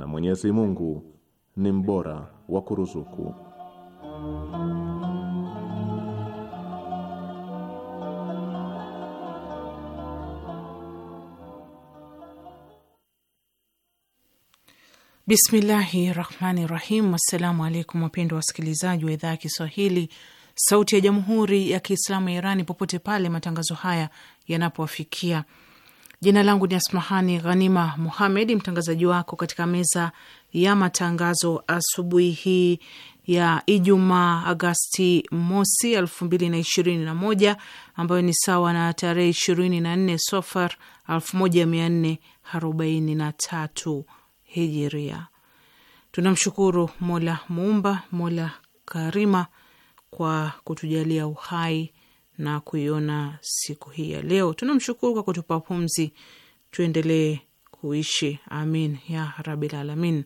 na Mwenyezi Mungu ni mbora wa kuruzuku. Bismillahi rahmani rahim. Assalamu alaikum wapendwa wasikilizaji wa idhaa ya Kiswahili sauti ya jamhuri ya Kiislamu ya Irani popote pale matangazo haya yanapowafikia. Jina langu ni Asmahani Ghanima Muhamed, mtangazaji wako katika meza ya matangazo asubuhi hii ya Ijumaa Agasti mosi elfu mbili na ishirini na moja ambayo ni sawa na tarehe ishirini na nne Sofar elfu moja mia nne arobaini na tatu hijiria. Tunamshukuru Mola Muumba, Mola Karima kwa kutujalia uhai na kuiona siku hii ya leo. Tunamshukuru kwa kutupa pumzi, tuendelee kuishi. Amin ya rabil alamin.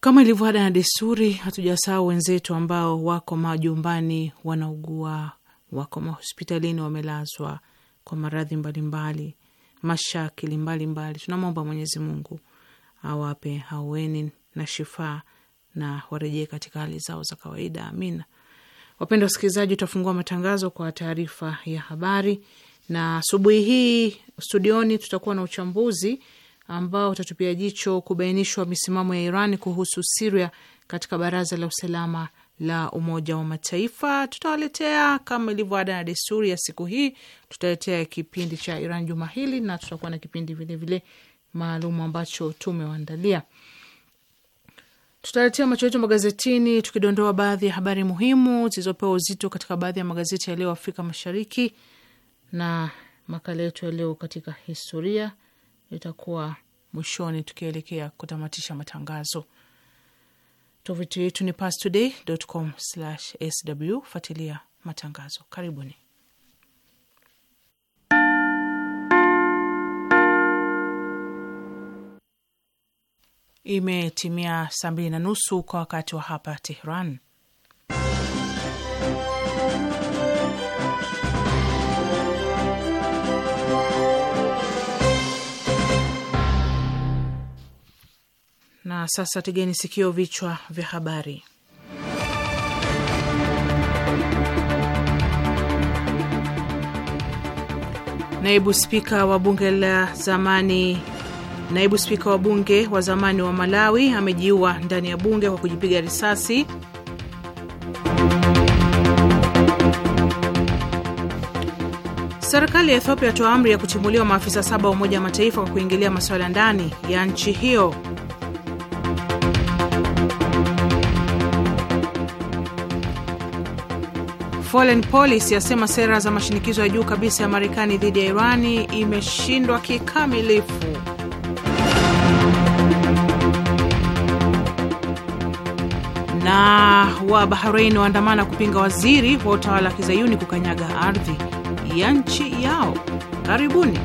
Kama ilivyo ada na desturi, hatujasahau wenzetu ambao wako majumbani wanaugua, wako mahospitalini wamelazwa kwa maradhi mbalimbali, mashakili mbalimbali. Tunamwomba Mwenyezi Mungu awape haueni na shifaa na warejee katika hali zao za kawaida. Amina. Wapenda wasikilizaji, tutafungua matangazo kwa taarifa ya habari, na asubuhi hii studioni tutakuwa na uchambuzi ambao utatupia jicho kubainishwa misimamo ya Iran kuhusu Siria katika Baraza la Usalama la Umoja wa Mataifa. Tutawaletea kama ilivyo ada na desturi ya siku hii, tutaletea kipindi cha Iran juma hili, na tutakuwa na kipindi vilevile maalum ambacho tumewaandalia. Tutaletea macho yetu magazetini, tukidondoa baadhi ya habari muhimu zilizopewa uzito katika baadhi ya magazeti ya leo Afrika Mashariki, na makala yetu ya leo katika historia itakuwa mwishoni tukielekea kutamatisha matangazo. Tovuti yetu ni pastoday.com/sw. Fuatilia matangazo. Karibuni. Imetimia saa mbili na nusu kwa wakati wa hapa Tehran. Na sasa tegeni sikio, vichwa vya habari. Naibu spika wa bunge la zamani Naibu spika wa bunge wa zamani wa Malawi amejiua ndani ya bunge kwa kujipiga risasi. Serikali ya Ethiopia yatoa amri ya kutimuliwa maafisa saba wa Umoja wa Mataifa kwa kuingilia masuala ndani ya nchi hiyo. Foreign Policy yasema sera za mashinikizo ya juu kabisa ya Marekani dhidi ya Irani imeshindwa kikamilifu. na wa Bahrain waandamana kupinga waziri wa utawala wa kizayuni kukanyaga ardhi ya nchi yao. Karibuni.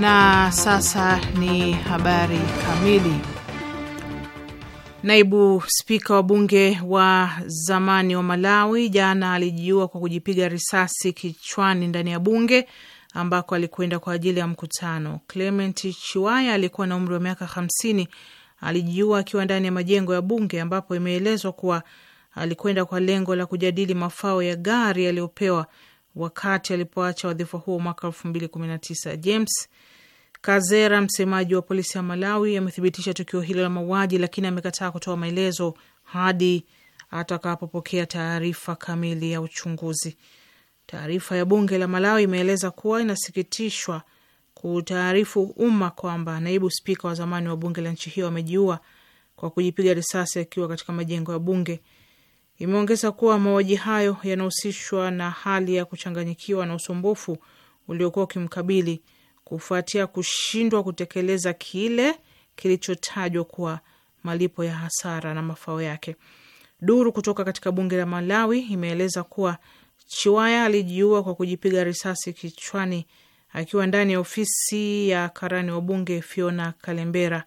Na sasa ni habari kamili. Naibu spika wa bunge wa zamani wa Malawi jana alijiua kwa kujipiga risasi kichwani ndani ya bunge ambako alikwenda kwa ajili ya mkutano. Clement Chiwaya alikuwa na umri wa miaka hamsini. Alijiua akiwa ndani ya majengo ya bunge, ambapo imeelezwa kuwa alikwenda kwa lengo la kujadili mafao ya gari aliyopewa wakati alipoacha wadhifa huo mwaka elfu mbili kumi na tisa. James Kazera, msemaji wa polisi ya Malawi, amethibitisha tukio hilo la mauaji, lakini amekataa kutoa maelezo hadi atakapopokea taarifa kamili ya uchunguzi. Taarifa ya bunge la Malawi imeeleza kuwa inasikitishwa kutaarifu umma kwamba naibu spika wa zamani wa bunge la nchi hiyo amejiua kwa kujipiga risasi akiwa katika majengo ya bunge. Imeongeza kuwa mauaji hayo yanahusishwa na hali ya kuchanganyikiwa na usumbufu uliokuwa ukimkabili kufuatia kushindwa kutekeleza kile kilichotajwa kuwa malipo ya hasara na mafao yake. Duru kutoka katika bunge la Malawi imeeleza kuwa Chiwaya alijiua kwa kujipiga risasi kichwani akiwa ndani ya ofisi ya karani wa bunge Fiona Kalembera.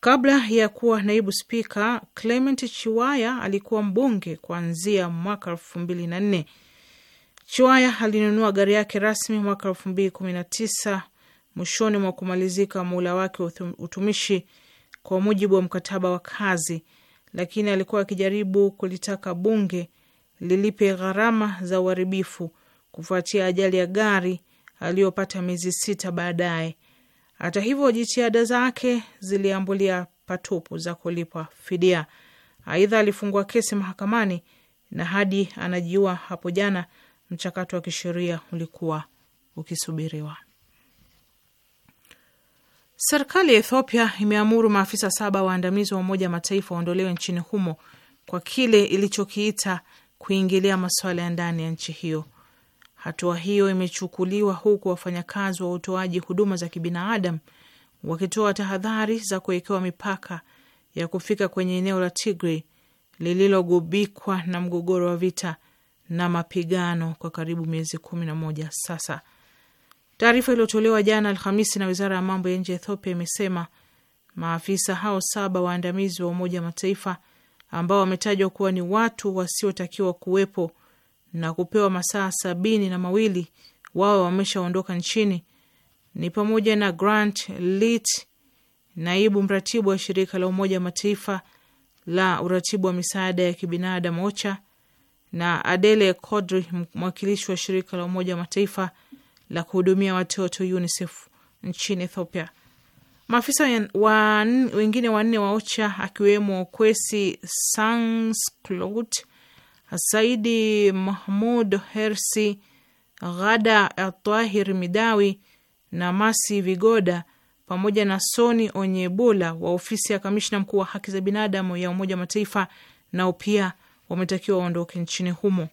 Kabla ya kuwa naibu spika, Clement Chiwaya alikuwa mbunge kuanzia mwaka elfu mbili na nne. Chiwaya alinunua gari yake rasmi mwaka elfu mbili kumi na tisa mwishoni mwa kumalizika muhula wake wa utumishi kwa mujibu wa mkataba wa kazi, lakini alikuwa akijaribu kulitaka bunge lilipe gharama za uharibifu kufuatia ajali ya gari aliyopata miezi sita baadaye. Hata hivyo, jitihada zake ziliambulia patupu za kulipwa fidia. Aidha, alifungua kesi mahakamani na hadi anajiua hapo jana, mchakato wa kisheria ulikuwa ukisubiriwa. Serikali ya Ethiopia imeamuru maafisa saba waandamizi wa Umoja wa Mataifa waondolewe nchini humo kwa kile ilichokiita kuingilia masuala ya ndani ya nchi hiyo. Hatua hiyo imechukuliwa huku wafanyakazi wa utoaji huduma za kibinadamu wakitoa tahadhari za kuwekewa mipaka ya kufika kwenye eneo la Tigray lililogubikwa na mgogoro wa vita na mapigano kwa karibu miezi kumi na moja sasa. Taarifa iliyotolewa jana Alhamisi na wizara ya mambo ya nje ya Ethiopia imesema maafisa hao saba waandamizi wa Umoja wa Mataifa ambao wametajwa kuwa ni watu wasiotakiwa kuwepo na kupewa masaa sabini na mawili wawe wameshaondoka nchini ni pamoja na Grant Lit, naibu mratibu wa shirika la Umoja wa Mataifa la uratibu wa misaada ya kibinadamu OCHA, na Adele Codri, mwakilishi wa shirika la Umoja wa Mataifa la kuhudumia watoto UNICEF nchini Ethiopia. Maafisa wan, wengine wanne wa OCHA akiwemo Kwesi Sansclout, Saidi Mahmud Hersi, Ghada Atahir Midawi na Masi Vigoda pamoja na Soni Onyebula wa ofisi ya kamishna mkuu wa haki za binadamu ya Umoja wa Mataifa nao pia wametakiwa waondoke nchini humo.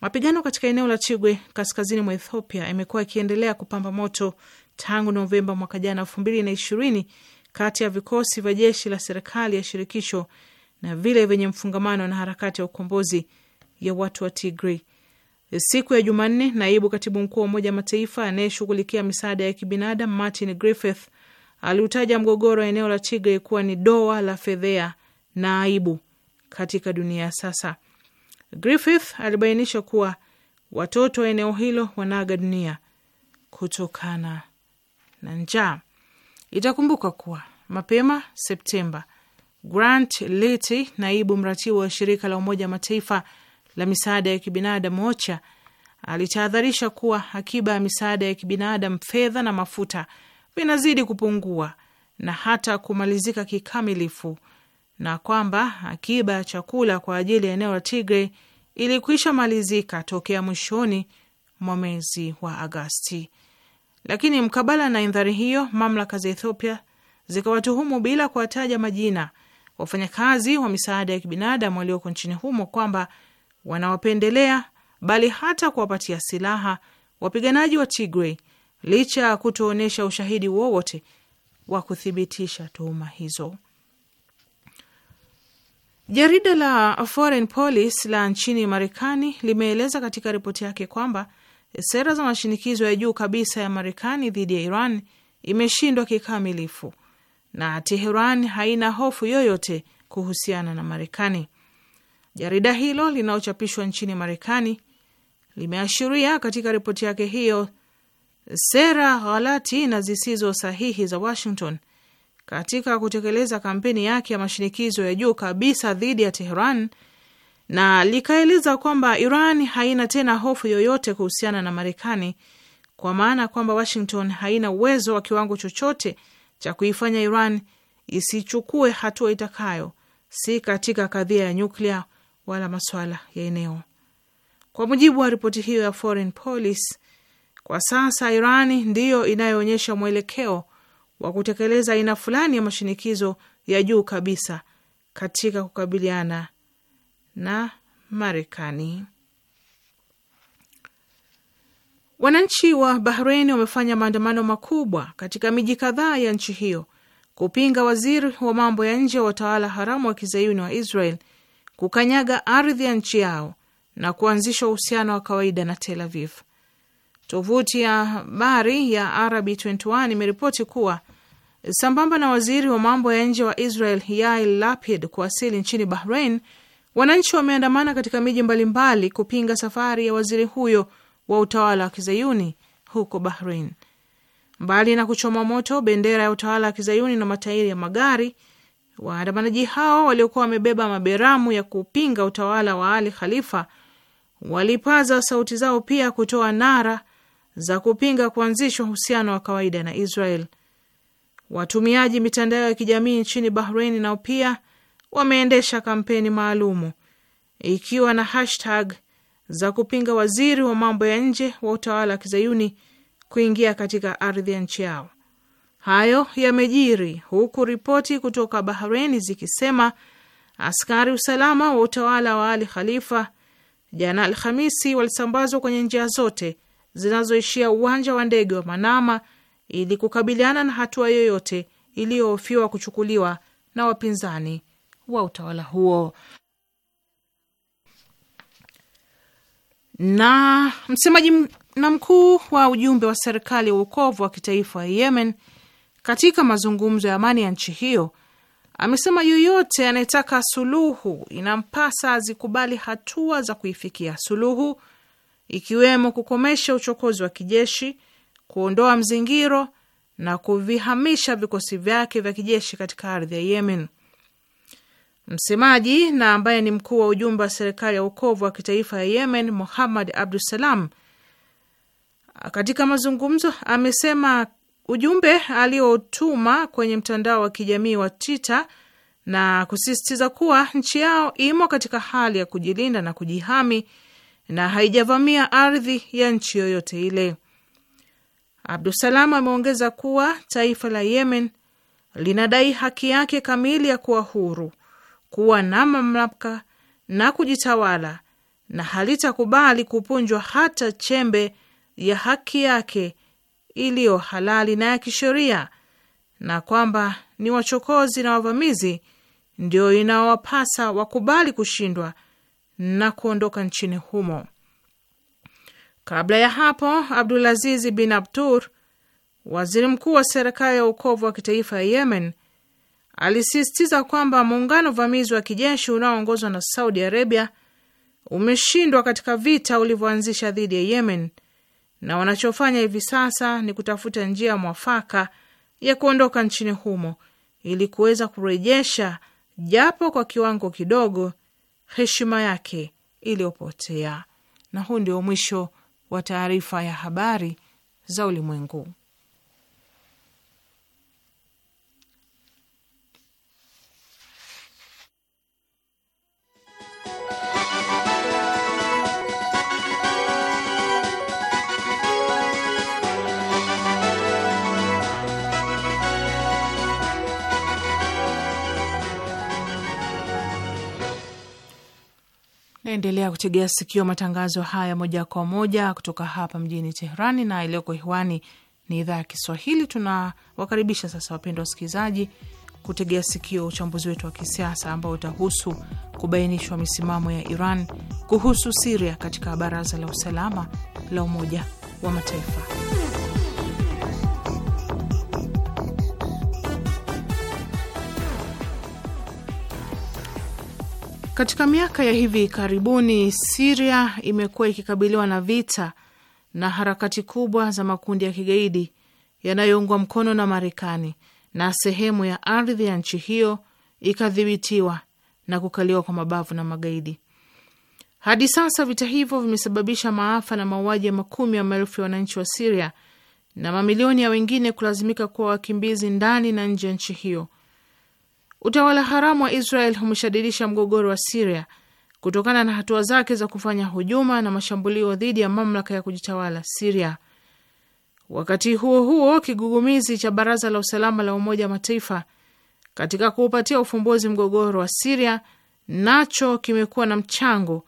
Mapigano katika eneo la Tigwe kaskazini mwa Ethiopia yamekuwa yakiendelea kupamba moto tangu Novemba mwaka jana elfu mbili na ishirini kati ya vikosi vya jeshi la serikali ya shirikisho na vile vyenye mfungamano na harakati ya ukombozi ya watu wa Tigray. Siku ya Jumanne, naibu katibu mkuu wa Umoja wa Mataifa anayeshughulikia misaada ya kibinadamu Martin Griffith aliutaja mgogoro wa eneo la Tigray kuwa ni doa la fedhea na aibu katika dunia ya sasa. Griffith alibainisha kuwa watoto wa eneo hilo wanaaga dunia kutokana na njaa. Itakumbuka kuwa mapema Septemba, Grant Liti, naibu mratibu wa shirika la Umoja Mataifa la misaada ya kibinadamu OCHA, alitahadharisha kuwa akiba ya misaada ya kibinadamu, fedha na mafuta vinazidi kupungua na hata kumalizika kikamilifu, na kwamba akiba ya chakula kwa ajili ya eneo la Tigre ilikwisha malizika tokea mwishoni mwa mwezi wa Agasti. Lakini mkabala na indhari hiyo, mamlaka za Ethiopia zikawatuhumu bila kuwataja majina wafanyakazi wa misaada ya kibinadamu walioko nchini humo kwamba wanawapendelea, bali hata kuwapatia silaha wapiganaji wa Tigray licha ya kutoonyesha ushahidi wowote wa kuthibitisha tuhuma hizo. Jarida la Foreign Policy la nchini Marekani limeeleza katika ripoti yake kwamba sera za mashinikizo ya juu kabisa ya Marekani dhidi ya Iran imeshindwa kikamilifu na Teheran haina hofu yoyote kuhusiana na Marekani. Jarida hilo linalochapishwa nchini Marekani limeashiria katika ripoti yake hiyo sera ghalati na zisizo sahihi za Washington katika kutekeleza kampeni yake ya mashinikizo ya juu kabisa dhidi ya Teheran na likaeleza kwamba Iran haina tena hofu yoyote kuhusiana na Marekani, kwa maana kwamba Washington haina uwezo wa kiwango chochote cha kuifanya Iran isichukue hatua itakayo, si katika kadhia ya nyuklia wala masuala ya eneo. Kwa mujibu wa ripoti hiyo ya Foreign Policy, kwa sasa iran ndiyo inayoonyesha mwelekeo wa kutekeleza aina fulani ya mashinikizo ya juu kabisa katika kukabiliana na Marekani. Wananchi wa Bahrein wamefanya maandamano makubwa katika miji kadhaa ya nchi hiyo kupinga waziri wa mambo ya nje wa utawala haramu wa kizayuni wa Israel kukanyaga ardhi ya nchi yao na kuanzisha uhusiano wa kawaida na Tel Aviv. Tovuti ya habari ya Arabi 21 imeripoti kuwa sambamba na waziri wa mambo ya nje wa Israel Yair Lapid kuwasili nchini Bahrain Wananchi wameandamana katika miji mbalimbali kupinga safari ya waziri huyo wa utawala wa kizayuni huko Bahrain. Mbali na kuchoma moto bendera ya utawala wa kizayuni na matairi ya magari, waandamanaji hao waliokuwa wamebeba maberamu ya kupinga utawala wa Ali Khalifa walipaza sauti zao pia kutoa nara za kupinga kuanzishwa uhusiano wa kawaida na Israel. Watumiaji mitandao ya kijamii nchini Bahrain nao pia wameendesha kampeni maalumu ikiwa na hashtag za kupinga waziri wa mambo ya nje wa utawala wa kizayuni kuingia katika ardhi ya nchi yao. Hayo yamejiri huku ripoti kutoka bahreni zikisema askari usalama wa utawala wa Ali Khalifa jana Alhamisi walisambazwa kwenye njia zote zinazoishia uwanja wa ndege wa Manama ili kukabiliana na hatua yoyote iliyohofiwa kuchukuliwa na wapinzani wa utawala huo. Na msemaji na mkuu wa ujumbe wa serikali ya uokovu wa kitaifa ya Yemen katika mazungumzo ya amani ya nchi hiyo amesema yoyote anayetaka suluhu inampasa azikubali hatua za kuifikia suluhu, ikiwemo kukomesha uchokozi wa kijeshi, kuondoa mzingiro na kuvihamisha vikosi vyake vya kijeshi katika ardhi ya Yemen. Msemaji na ambaye ni mkuu wa ujumbe wa serikali ya ukovu wa kitaifa ya Yemen, Muhammad salam katika mazungumzo amesema ujumbe aliotuma kwenye mtandao wa kijamii wa Twitter na kusisitiza kuwa nchi yao imo katika hali ya kujilinda na kujihami na haijavamia ardhi ya nchi yoyote ile. Abdusalam ameongeza kuwa taifa la Yemen linadai haki yake kamili ya kuwa huru kuwa na mamlaka na kujitawala, na halitakubali kupunjwa hata chembe ya haki yake iliyo halali na ya kisheria, na kwamba ni wachokozi na wavamizi ndio inaowapasa wakubali kushindwa na kuondoka nchini humo. Kabla ya hapo, Abdulaziz bin Abtur, waziri mkuu wa serikali ya ukovu wa kitaifa ya Yemen, alisisitiza kwamba muungano uvamizi wa kijeshi unaoongozwa na Saudi Arabia umeshindwa katika vita ulivyoanzisha dhidi ya Yemen na wanachofanya hivi sasa ni kutafuta njia mwafaka ya kuondoka nchini humo ili kuweza kurejesha japo kwa kiwango kidogo heshima yake iliyopotea. Na huu ndio mwisho wa taarifa ya habari za ulimwengu. Naendelea kutegea sikio matangazo haya moja kwa moja kutoka hapa mjini Teherani, na iliyoko hewani ni idhaa ya Kiswahili. Tunawakaribisha sasa, wapendwa wasikilizaji, kutegea sikio uchambuzi wetu wa kisiasa ambao utahusu kubainishwa misimamo ya Iran kuhusu Siria katika Baraza la Usalama la Umoja wa Mataifa. Katika miaka ya hivi karibuni, Siria imekuwa ikikabiliwa na vita na harakati kubwa za makundi ya kigaidi yanayoungwa mkono na Marekani, na sehemu ya ardhi ya nchi hiyo ikadhibitiwa na kukaliwa kwa mabavu na magaidi. Hadi sasa vita hivyo vimesababisha maafa na mauaji ya makumi ya maelfu ya wananchi wa Siria na mamilioni ya wengine kulazimika kuwa wakimbizi ndani na nje ya nchi hiyo Utawala haramu wa Israel umeshadidisha mgogoro wa Siria kutokana na hatua zake za kufanya hujuma na mashambulio dhidi ya mamlaka ya kujitawala Siria. Wakati huo huo, kigugumizi cha Baraza la Usalama la Umoja wa Mataifa katika kuupatia ufumbuzi mgogoro wa Siria nacho kimekuwa na mchango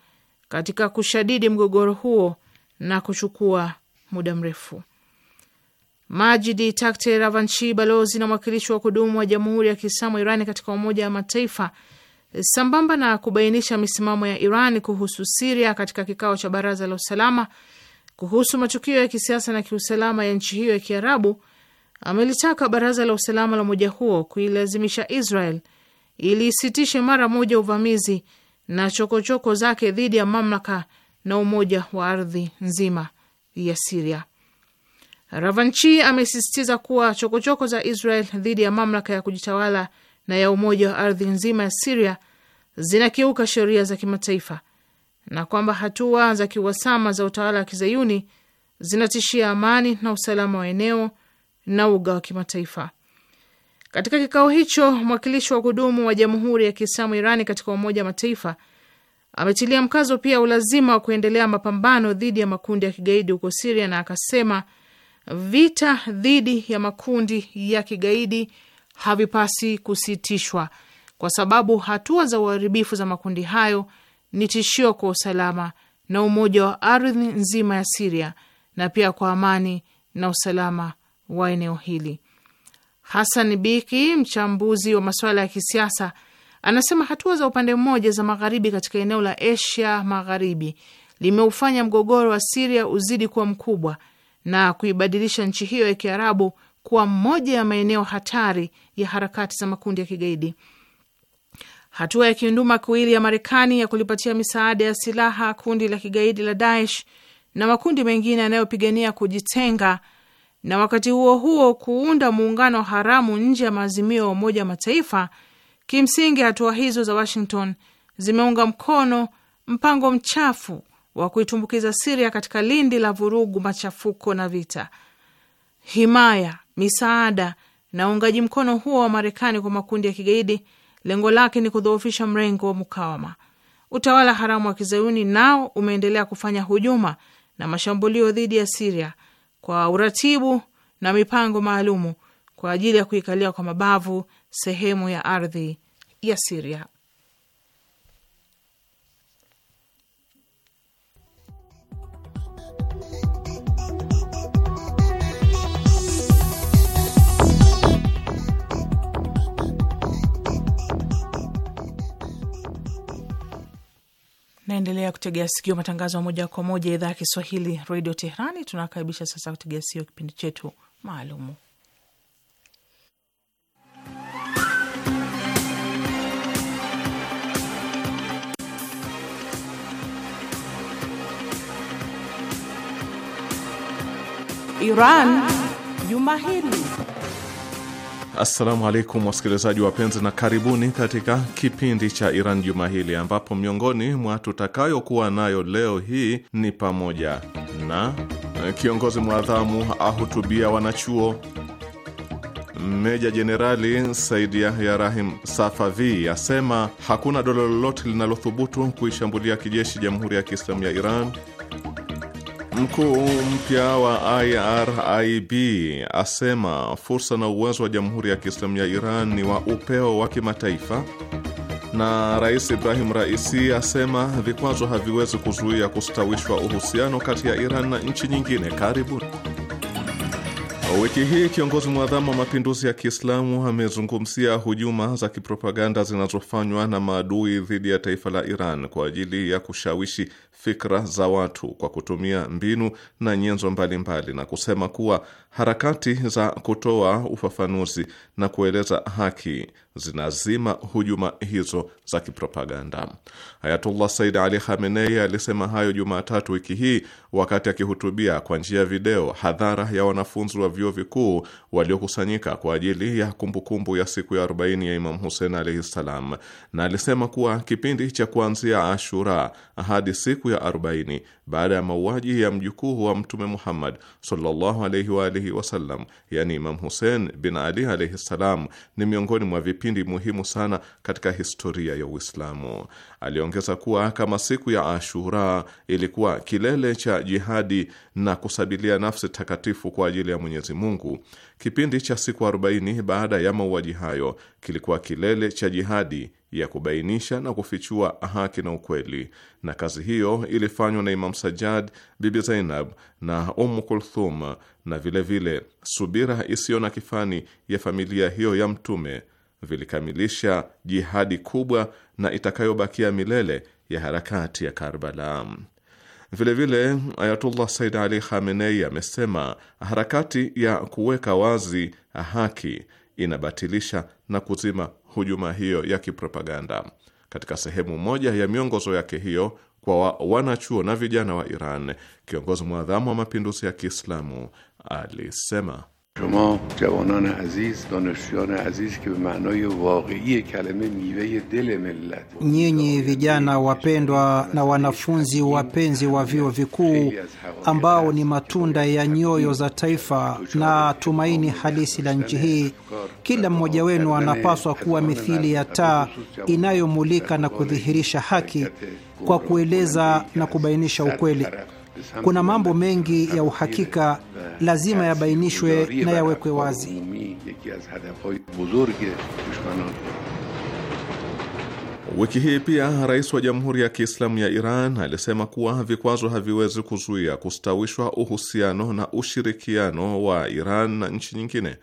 katika kushadidi mgogoro huo na kuchukua muda mrefu. Majidi Takte Ravanchi, balozi na mwakilishi wa kudumu wa Jamhuri ya Kiislamu Irani katika Umoja wa Mataifa, sambamba na kubainisha misimamo ya Iran kuhusu Siria katika kikao cha Baraza la Usalama kuhusu matukio ya kisiasa na kiusalama ya nchi hiyo ya Kiarabu, amelitaka Baraza la Usalama la umoja huo kuilazimisha Israel ili isitishe mara moja uvamizi na chokochoko -choko zake dhidi ya mamlaka na umoja wa ardhi nzima ya Siria. Ravanchi amesisitiza kuwa chokochoko za Israel dhidi ya mamlaka ya kujitawala na ya umoja wa ardhi nzima ya Siria zinakiuka sheria za kimataifa na kwamba hatua za kiwasama za utawala wa kizayuni zinatishia amani na usalama wa eneo na uga wa kimataifa. Katika kikao hicho, mwakilishi wa kudumu wa Jamhuri ya Kiislamu Irani katika Umoja wa Mataifa ametilia mkazo pia ulazima wa kuendelea mapambano dhidi ya makundi ya kigaidi huko Siria, na akasema Vita dhidi ya makundi ya kigaidi havipasi kusitishwa kwa sababu hatua za uharibifu za makundi hayo ni tishio kwa usalama na umoja wa ardhi nzima ya Siria na pia kwa amani na usalama wa eneo hili. Hasan Biki, mchambuzi wa masuala ya kisiasa, anasema hatua za upande mmoja za magharibi katika eneo la Asia Magharibi limeufanya mgogoro wa Siria uzidi kuwa mkubwa na kuibadilisha nchi hiyo ya Kiarabu kuwa moja ya maeneo hatari ya harakati za makundi ya kigaidi. Hatua ya kiunduma kuili ya Marekani ya kulipatia misaada ya silaha kundi la kigaidi la Daesh na makundi mengine yanayopigania kujitenga na wakati huo huo kuunda muungano haramu nje ya maazimio ya Umoja wa Mataifa. Kimsingi, hatua hizo za Washington zimeunga mkono mpango mchafu wa kuitumbukiza Siria katika lindi la vurugu, machafuko na vita. Himaya, misaada na uungaji mkono huo wa Marekani kwa makundi ya kigaidi, lengo lake ni kudhoofisha mrengo wa mukawama. Utawala haramu wa kizayuni nao umeendelea kufanya hujuma na mashambulio dhidi ya Siria kwa uratibu na mipango maalumu kwa ajili ya kuikalia kwa mabavu sehemu ya ardhi ya Siria. Naendelea kutegea sikio matangazo ya moja kwa moja idhaa ya Kiswahili redio Teherani. Tunakaribisha sasa kutegea sikio kipindi chetu maalumu Iran Juma Hili. Assalamu alaikum wasikilizaji wapenzi, na karibuni katika kipindi cha Iran juma hili, ambapo miongoni mwa tutakayokuwa nayo leo hii ni pamoja na eh, kiongozi mwadhamu ahutubia wanachuo, meja jenerali saidia Yahya Rahim Safavi asema hakuna dola lolote linalothubutu kuishambulia kijeshi Jamhuri ya Kiislamu ya Iran. Mkuu mpya wa IRIB asema fursa na uwezo wa Jamhuri ya Kiislamu ya Iran ni wa upeo wa kimataifa, na Rais Ibrahim Raisi asema vikwazo haviwezi kuzuia kustawishwa uhusiano kati ya Iran na nchi nyingine. Karibuni. Wiki hii kiongozi mwadhamu wa mapinduzi ya Kiislamu amezungumzia hujuma za kipropaganda zinazofanywa na maadui dhidi ya taifa la Iran kwa ajili ya kushawishi fikra za watu kwa kutumia mbinu na nyenzo mbalimbali mbali, na kusema kuwa harakati za kutoa ufafanuzi na kueleza haki zinazima hujuma hizo za kipropaganda. Ayatullah Said Ali Khamenei alisema hayo Jumatatu wiki hii wakati akihutubia kwa njia ya video hadhara ya wanafunzi wa vyuo vikuu waliokusanyika kwa ajili ya kumbukumbu -kumbu ya siku ya 40 ya Imam Hussein alaihi ssalam, na alisema kuwa kipindi cha kuanzia Ashura hadi siku ya 40 baada ya mauaji ya mjukuu wa Mtume Muhammad sallallahu alaihi wa alihi wasallam, yani Imam Hussein bin Ali alaihi salam, ni miongoni mwa vipindi muhimu sana katika historia ya Uislamu. Aliongeza kuwa kama siku ya Ashura ilikuwa kilele cha jihadi na kusabilia nafsi takatifu kwa ajili ya Mwenyezi Mungu Kipindi cha siku 40 baada ya mauaji hayo kilikuwa kilele cha jihadi ya kubainisha na kufichua haki na ukweli, na kazi hiyo ilifanywa na Imam Sajjad, Bibi Zainab na Umm Kulthum, na vilevile vile subira isiyo na kifani ya familia hiyo ya Mtume vilikamilisha jihadi kubwa na itakayobakia milele ya harakati ya Karbala. Vilevile Ayatullah Said Ali Khamenei amesema harakati ya kuweka wazi haki inabatilisha na kuzima hujuma hiyo ya kipropaganda. Katika sehemu moja ya miongozo yake hiyo kwa wanachuo na vijana wa Iran, kiongozi mwadhamu wa mapinduzi ya Kiislamu alisema: شما جوانان عزیز دانشجویان عزیز که به معنای واقعی کلمه میوه دل ملت nyinyi vijana wapendwa na wanafunzi wapenzi wa vyuo vikuu ambao ni matunda ya nyoyo za taifa na tumaini halisi la nchi hii, kila mmoja wenu anapaswa kuwa mithili ya taa inayomulika na kudhihirisha haki kwa kueleza na kubainisha ukweli kuna mambo mengi ya uhakika lazima yabainishwe na yawekwe wazi. Wiki hii pia rais wa Jamhuri ya Kiislamu ya Iran alisema kuwa vikwazo haviwezi kuzuia kustawishwa uhusiano na ushirikiano wa Iran na nchi nyingine.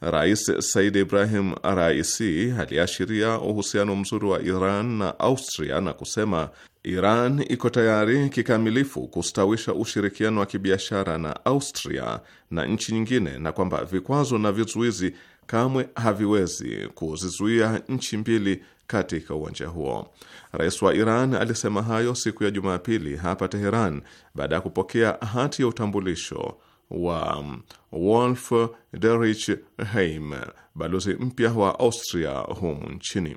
Rais Said Ibrahim Raisi aliashiria uhusiano mzuri wa Iran na Austria na kusema Iran iko tayari kikamilifu kustawisha ushirikiano wa kibiashara na Austria na nchi nyingine na kwamba vikwazo na vizuizi kamwe haviwezi kuzizuia nchi mbili katika uwanja huo. Rais wa Iran alisema hayo siku ya Jumapili hapa Teheran baada ya kupokea hati ya utambulisho wa um, Wolf Derich Heim, balozi mpya wa Austria humu nchini.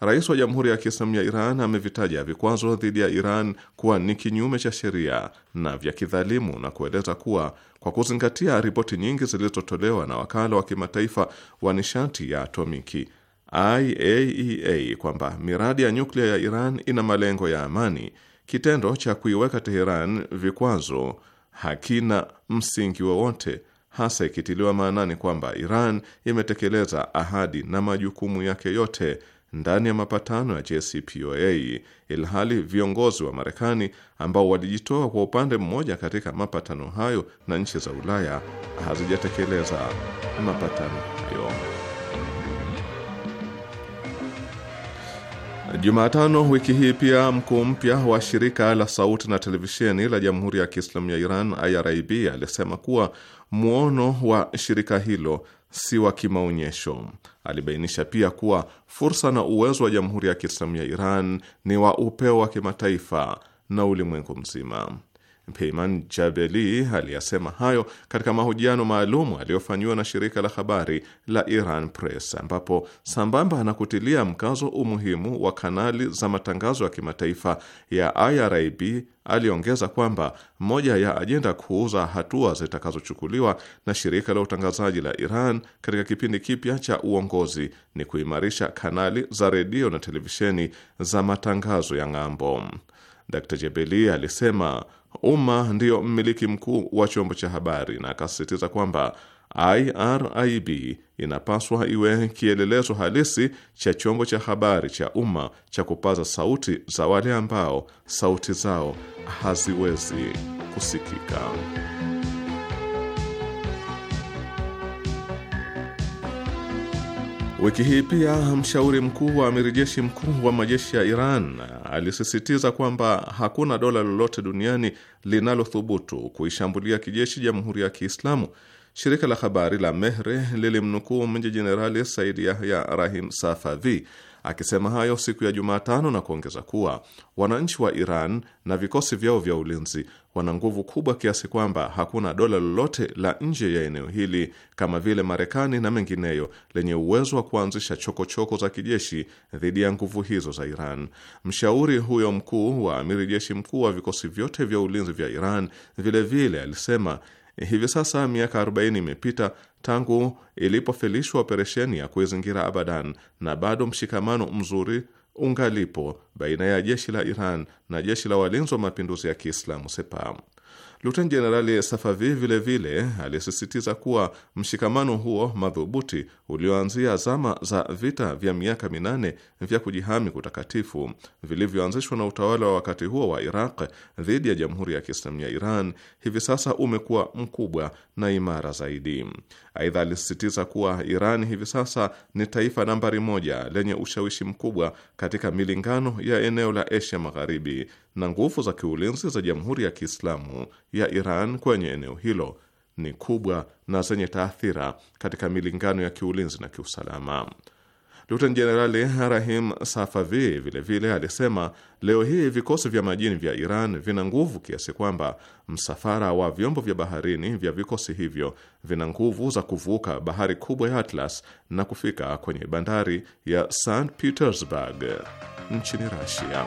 Rais wa Jamhuri ya Kiislamu ya Iran amevitaja vikwazo dhidi ya Iran kuwa ni kinyume cha sheria na vya kidhalimu na kueleza kuwa kwa kuzingatia ripoti nyingi zilizotolewa na wakala wa kimataifa wa nishati ya atomiki IAEA e kwamba miradi ya nyuklia ya Iran ina malengo ya amani, kitendo cha kuiweka Teheran vikwazo hakina msingi wowote hasa ikitiliwa maanani kwamba Iran imetekeleza ahadi na majukumu yake yote ndani ya mapatano ya JCPOA ilhali viongozi wa Marekani ambao walijitoa kwa upande mmoja katika mapatano hayo na nchi za Ulaya hazijatekeleza mapatano hayo. Jumatano wiki hii pia mkuu mpya wa shirika la sauti na televisheni la Jamhuri ya Kiislamu ya Iran IRIB alisema kuwa muono wa shirika hilo si wa kimaonyesho. Alibainisha pia kuwa fursa na uwezo wa Jamhuri ya Kiislamu ya Iran ni wa upeo wa kimataifa na ulimwengu mzima. Peyman Jabeli aliyasema hayo katika mahojiano maalum aliyofanyiwa na shirika la habari la Iran Press, ambapo sambamba na kutilia mkazo umuhimu wa kanali za matangazo ya kimataifa ya IRIB aliongeza kwamba moja ya ajenda kuu za hatua zitakazochukuliwa na shirika la utangazaji la Iran katika kipindi kipya cha uongozi ni kuimarisha kanali za redio na televisheni za matangazo ya ng'ambo. Dr. Jebeli alisema umma ndiyo mmiliki mkuu wa chombo cha habari, na akasisitiza kwamba IRIB inapaswa iwe kielelezo halisi cha chombo cha habari cha umma cha kupaza sauti za wale ambao sauti zao haziwezi kusikika. Wiki hii pia mshauri mkuu wa amiri jeshi mkuu wa majeshi ya Iran alisisitiza kwamba hakuna dola lolote duniani linalothubutu kuishambulia kijeshi jamhuri ya Kiislamu. Shirika la habari la Mehre lilimnukuu mji jenerali Said Yahya Rahim Safavi Akisema hayo siku ya Jumatano na kuongeza kuwa wananchi wa Iran na vikosi vyao vya ulinzi wana nguvu kubwa kiasi kwamba hakuna dola lolote la nje ya eneo hili kama vile Marekani na mengineyo lenye uwezo wa kuanzisha chokochoko -choko za kijeshi dhidi ya nguvu hizo za Iran. Mshauri huyo mkuu wa amiri jeshi mkuu wa vikosi vyote vya ulinzi vya Iran vilevile vile, alisema Hivi sasa miaka 40 imepita tangu ilipofilishwa operesheni ya kuizingira Abadan na bado mshikamano mzuri ungalipo baina ya jeshi la Iran na jeshi la walinzi wa mapinduzi ya Kiislamu Sepah. Luteni Jenerali Safavi vilevile alisisitiza kuwa mshikamano huo madhubuti ulioanzia zama za vita vya miaka minane vya kujihami kutakatifu vilivyoanzishwa na utawala wa wakati huo wa Iraq dhidi ya Jamhuri ya Kiislamu ya Iran hivi sasa umekuwa mkubwa na imara zaidi. Aidha, alisisitiza kuwa Iran hivi sasa ni taifa nambari moja lenye ushawishi mkubwa katika milingano ya eneo la Asia Magharibi na nguvu za kiulinzi za Jamhuri ya Kiislamu ya Iran kwenye eneo hilo ni kubwa na zenye taathira katika milingano ya kiulinzi na kiusalama. Luteni Jenerali Rahim Safavi vilevile alisema leo hii vikosi vya majini vya Iran vina nguvu kiasi kwamba msafara wa vyombo vya baharini vya vikosi hivyo vina nguvu za kuvuka bahari kubwa ya Atlas na kufika kwenye bandari ya St Petersburg nchini Russia.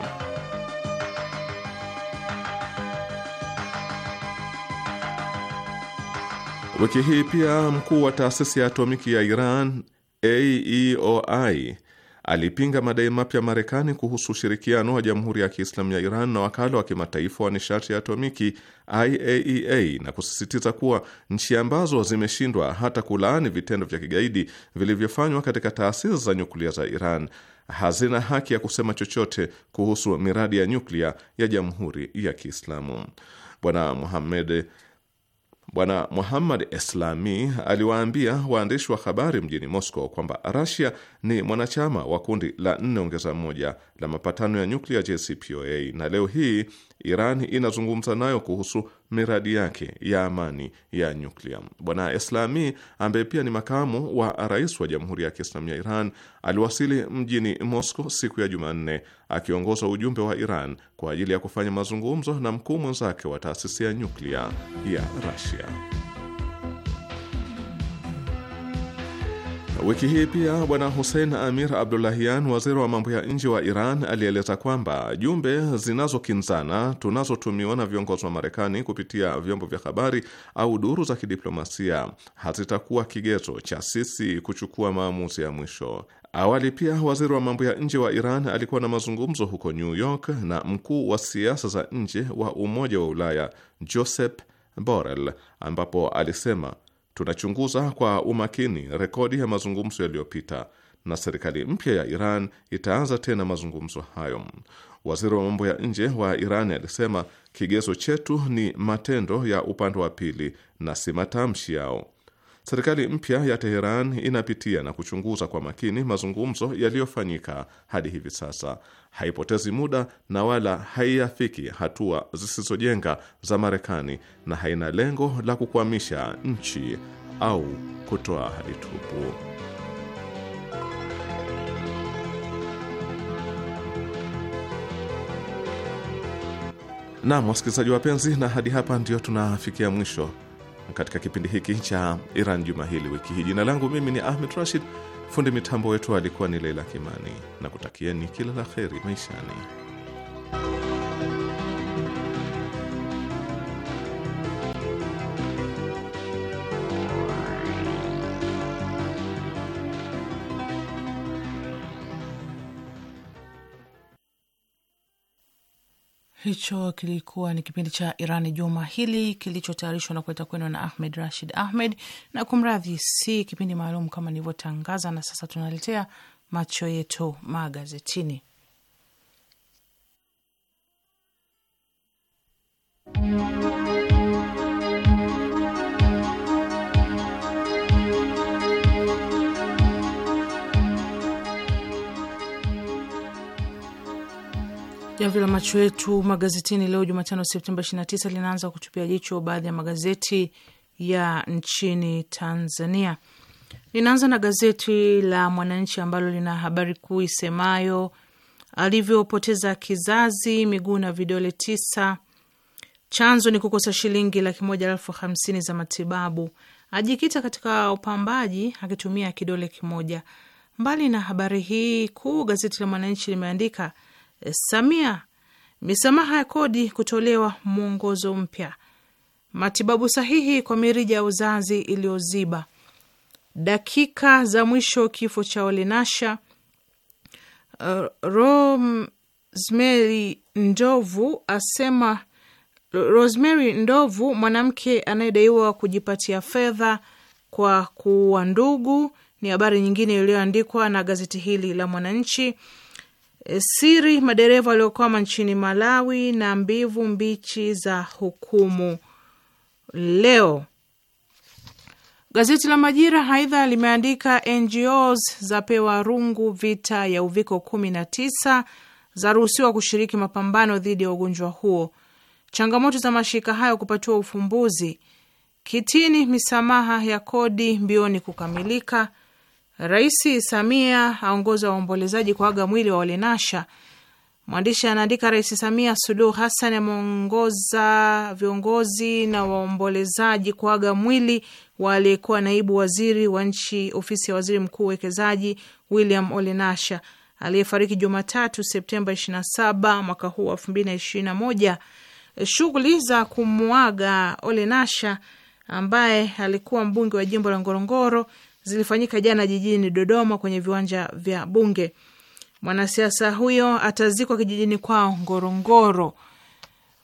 Wiki hii pia mkuu wa taasisi ya atomiki ya Iran AEOI alipinga madai mapya Marekani kuhusu ushirikiano wa Jamhuri ya Kiislamu ya Iran na wakala wa kimataifa wa nishati ya atomiki IAEA e na kusisitiza kuwa nchi ambazo zimeshindwa hata kulaani vitendo vya kigaidi vilivyofanywa katika taasisi za nyuklia za Iran hazina haki ya kusema chochote kuhusu miradi ya nyuklia ya Jamhuri ya Kiislamu. Bwana Mohamed Bwana Muhammad Eslami aliwaambia waandishi wa habari mjini Moscow kwamba Russia ni mwanachama wa kundi la nne ongeza moja la mapatano ya nyuklia JCPOA, na leo hii Iran inazungumza nayo kuhusu miradi yake ya amani ya nyuklia. Bwana eslami ambaye pia ni makamu wa rais wa Jamhuri ya Kiislamu ya Iran aliwasili mjini Moscow siku ya Jumanne akiongoza ujumbe wa Iran kwa ajili ya kufanya mazungumzo na mkuu mwenzake wa taasisi ya nyuklia ya Russia. Wiki hii pia Bwana Hussein Amir Abdullahian, waziri wa mambo ya nje wa Iran, alieleza kwamba jumbe zinazokinzana tunazotumiwa na viongozi wa Marekani kupitia vyombo vya habari au duru za kidiplomasia hazitakuwa kigezo cha sisi kuchukua maamuzi ya mwisho. Awali pia waziri wa mambo ya nje wa Iran alikuwa na mazungumzo huko New York na mkuu wa siasa za nje wa Umoja wa Ulaya Joseph Borrell, ambapo alisema Tunachunguza kwa umakini rekodi ya mazungumzo yaliyopita na serikali mpya ya Iran itaanza tena mazungumzo hayo. Waziri wa mambo ya nje wa Iran alisema kigezo chetu ni matendo ya upande wa pili na si matamshi yao. Serikali mpya ya Teheran inapitia na kuchunguza kwa makini mazungumzo yaliyofanyika hadi hivi sasa. Haipotezi muda na wala haiafiki hatua zisizojenga za Marekani na haina lengo la kukwamisha nchi au kutoa ahadi tupu. Naam, wasikilizaji wapenzi, na hadi hapa ndio tunafikia mwisho katika kipindi hiki cha Iran juma hili wiki hii. Jina langu mimi ni Ahmed Rashid, fundi mitambo wetu alikuwa ni Leila Kimani, na kutakieni kila la kheri maishani. Hicho kilikuwa ni kipindi cha Irani juma hili kilichotayarishwa na kuleta kwenu na Ahmed Rashid Ahmed. Na kumradhi, si kipindi maalum kama nilivyotangaza, na sasa tunaletea macho yetu magazetini. Jamvi la macho yetu magazetini leo Jumatano Septemba 29 linaanza kutupia jicho baadhi ya magazeti ya nchini Tanzania. Linaanza na gazeti la Mwananchi ambalo lina habari kuu isemayo alivyopoteza kizazi miguu na vidole tisa, chanzo ni kukosa shilingi laki moja elfu hamsini za matibabu, ajikita katika upambaji akitumia kidole kimoja. Mbali na habari hii kuu, gazeti la Mwananchi limeandika Eh, Samia, misamaha ya kodi kutolewa, mwongozo mpya, matibabu sahihi kwa mirija ya uzazi iliyoziba, dakika za mwisho kifo cha Olenasha, uh, eh, Rosemary Ndovu asema Rosemary Ndovu, mwanamke anayedaiwa kujipatia fedha kwa kuua ndugu, ni habari nyingine iliyoandikwa na gazeti hili la Mwananchi siri madereva waliokwama nchini Malawi na mbivu mbichi za hukumu leo. Gazeti la Majira aidha limeandika NGOs zapewa rungu vita ya uviko 19, zaruhusiwa kushiriki mapambano dhidi ya ugonjwa huo, changamoto za mashirika hayo kupatiwa ufumbuzi, kitini misamaha ya kodi mbioni kukamilika Raisi Samia aongoza waombolezaji kuaga mwili wa Olenasha. Mwandishi anaandika, Rais Samia Suluhu Hassan ameongoza viongozi na waombolezaji kuaga mwili wa aliyekuwa naibu waziri wa nchi ofisi ya waziri mkuu uwekezaji William Olenasha aliyefariki Jumatatu Septemba 27 mwaka huu wa 2021. Shughuli za kumwaga Olenasha ambaye alikuwa mbunge wa jimbo la Ngorongoro zilifanyika jana jijini Dodoma kwenye viwanja vya Bunge. Mwanasiasa huyo atazikwa kijijini kwao Ngorongoro.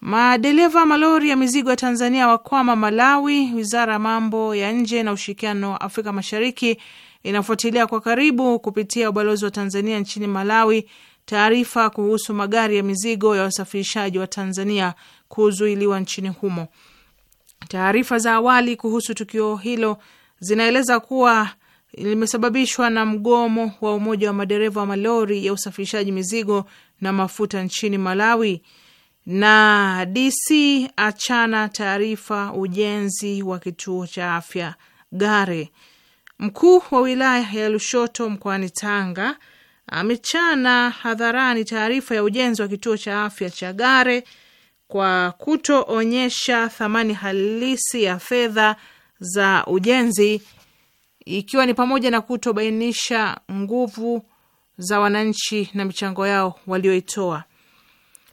Madereva malori ya mizigo ya Tanzania wakwama Malawi. Wizara ya mambo ya nje na ushirikiano wa Afrika Mashariki inafuatilia kwa karibu kupitia ubalozi wa Tanzania nchini Malawi taarifa kuhusu magari ya mizigo ya wasafirishaji wa Tanzania kuzuiliwa nchini humo. Taarifa za awali kuhusu tukio hilo zinaeleza kuwa limesababishwa na mgomo wa umoja wa madereva wa malori ya usafirishaji mizigo na mafuta nchini Malawi. Na DC achana taarifa ujenzi wa kituo cha afya Gare. Mkuu wa wilaya ya Lushoto mkoani Tanga amechana hadharani taarifa ya ujenzi wa kituo cha afya cha Gare kwa kutoonyesha thamani halisi ya fedha za ujenzi, ikiwa ni pamoja na kutobainisha nguvu za wananchi na michango yao walioitoa.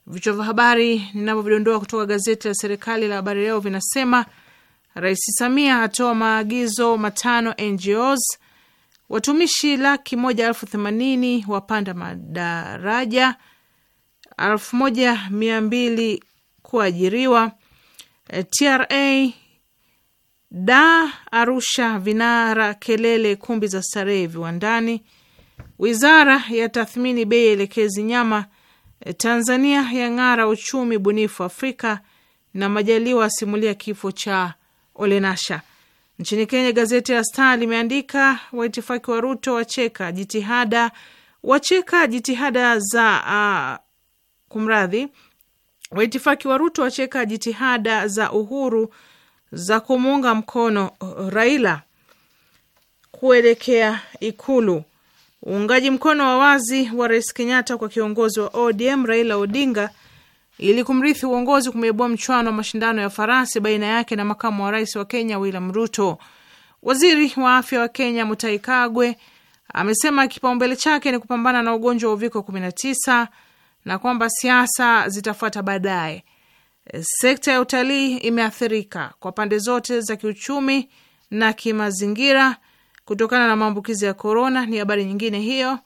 Vichwa vya habari ninavyovidondoa kutoka gazeti la serikali la Habari Leo vinasema: Rais Samia atoa maagizo matano NGOs, watumishi laki moja elfu themanini wapanda madaraja, elfu moja mia mbili kuajiriwa, TRA Da Arusha vinara kelele kumbi za starehe viwandani. Wizara ya tathmini bei elekezi nyama. E, Tanzania ya ng'ara uchumi bunifu Afrika, na Majaliwa asimulia kifo cha Olenasha. Nchini Kenya, gazeti la Star limeandika waitifaki wa Ruto wacheka jitihada wacheka jitihada za uh, kumradhi, waitifaki wa Ruto wacheka jitihada za Uhuru za kumuunga mkono uh, Raila kuelekea Ikulu. Uungaji mkono wa wazi wa Rais Kenyatta kwa kiongozi wa ODM Raila Odinga ili kumrithi uongozi kumeibua mchuano wa mashindano ya farasi baina yake na makamu wa rais wa Kenya William Ruto. Waziri wa afya wa Kenya Mutahi Kagwe amesema kipaumbele chake ni kupambana na ugonjwa wa uviko 19 na kwamba siasa zitafuata baadaye. Sekta ya utalii imeathirika kwa pande zote za kiuchumi na kimazingira kutokana na maambukizi ya korona, ni habari nyingine hiyo.